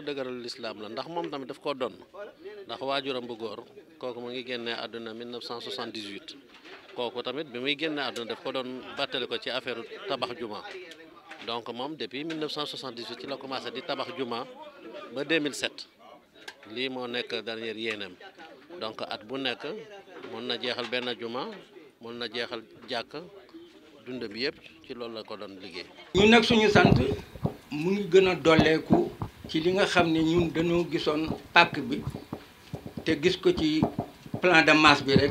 dëgër dëgëral l'islam la ndax mom tamit daf ko don ndax wajuram bu gor koku mo ngi génnee aduna 1978 koku tamit bi muy génnee aduna daf ko don bàttali ko ci affaire tabax juma donc mom depuis 1978 ci la commencé di tabax juma ba 2007 li mo nek dernier yéeneem donc at bu nek mon na jéxal ben juma mon na jéxal jàkk dund bi yépp ci loolu la ko don liggé ñu nag suñu sante mu ngi gëna a ci li nga xam ne ñun dañoo gisoon pàkk bi te gis ko ci plan de masse bi rek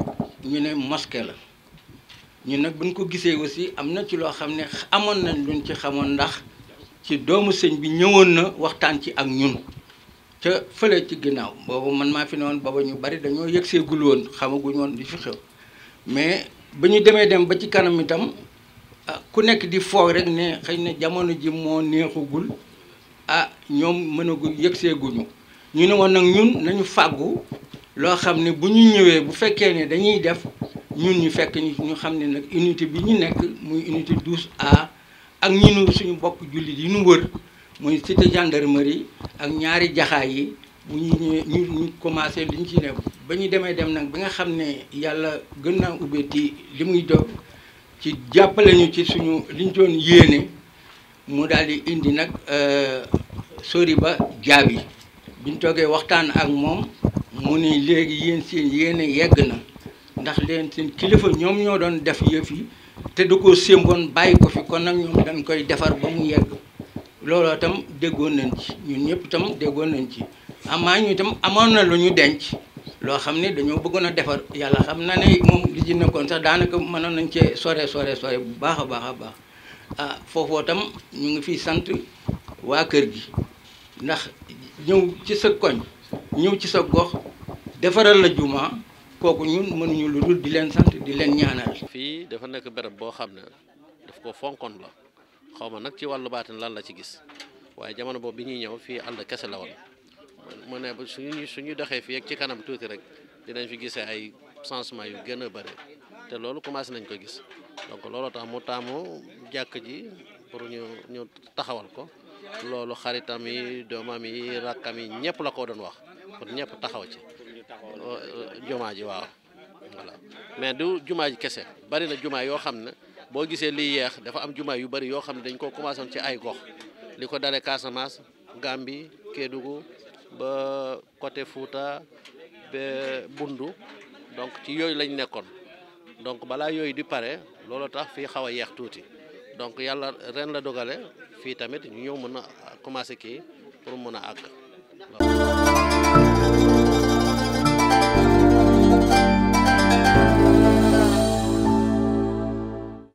ñu ne mosquée la ñun nag buñ ko gisee aussi am na ci loo xam ne amoon nañ luñ ci xamoon ndax ci doomu sëñ bi ñëwoon na waxtaan ci ak ñun ca fële ci ginnaaw boobu man maa fi ne woon booba ñu bari dañoo yëgseegul woon xamaguñ di fi xew mais ba ñu demee dem ba ci kanam itam ah, ku nekk di foog rek ne xëy na jamono ji moo neexugul ah ñoom mënaguñ yëgseeguñu ñu ne woon nag ñun nañu fàggu loo xam ne bu ñu ñëwee bu fekkee ne dañuy def ñun ñu fekk ñu xam ne nag unité bi ñu nekk muy unité 12A ak ñunu suñu bokk jullit yi ñu wër muy cité gendarmerie ak ñaari jaxaay yi bu ñu ñu ñu commencé liñ ci ne ba ñu demee dem nag bi nga xam ne yàlla gën naa ubbeeti li muy dog ci jàppale ñu ci suñu liñ doon yéene mu daal di indi nag euh, Soriba Diaby biñ toogee waxtaan ak moom mu ni léegi yéen seen yéene yegg na ndax leen seen kilifa ñoom ñoo doon def yëf yi te du ko sémboon bàyyi ko fi kon nag ñoom dañ koy defar ba mu yegg looloo itam déggoon nañ ci ñun ñëpp itam déggoon nañ ci amaa ñu itam amoon na lu ñu denc loo xam ne dañoo bëggoon a defar yàlla xam na ne moom li ci nekkoon sax daanaka mënoon nañ cee sore sore sore bu baax a baax a baax ah foofoo tam ñu ngi fiy sant waa kër gi ndax ñëw ci sa koñ ñëw ci sa gox defaral la juma kooku ñun mënuñu lu dul di leen sant di leen ñaanal. fii dafa nekk béréb boo xam ne daf ko fonkoon la xaw ma nag ci wàllu baatin lan la ci gis waaye jamono boobu bi ñuy ñëw fii àll kese la woon mu ne suñu suñu doxee fii ak ci kanam tuuti rek dinañ fi gisee ay changement yu gën a bëri. te lolu commencé nañ ko gis donc lolu tax mu taamu jakk ji pour ñu ñu taxawal ko lolu xaritam yi domam yi rakam yi ñepp la ko doon wax pour ñepp taxaw ci euh, ji waaw voilà mais du ji kese bari na juma yo xamne bo gisé li Defa yeex dafa am juma yu bari yo xamne dañ ko commencé ci ay gox liko dalé dalee Casamance be Kédougou ba côté Fouta be Bundu donc ci yoy lañ nekkone donc balaa yooyu di pare loolu tax fii xaw a yeex tuuti donc yàlla ren la dogale fii tamit ñu ñëw mën a commencé kii pour mën a àgg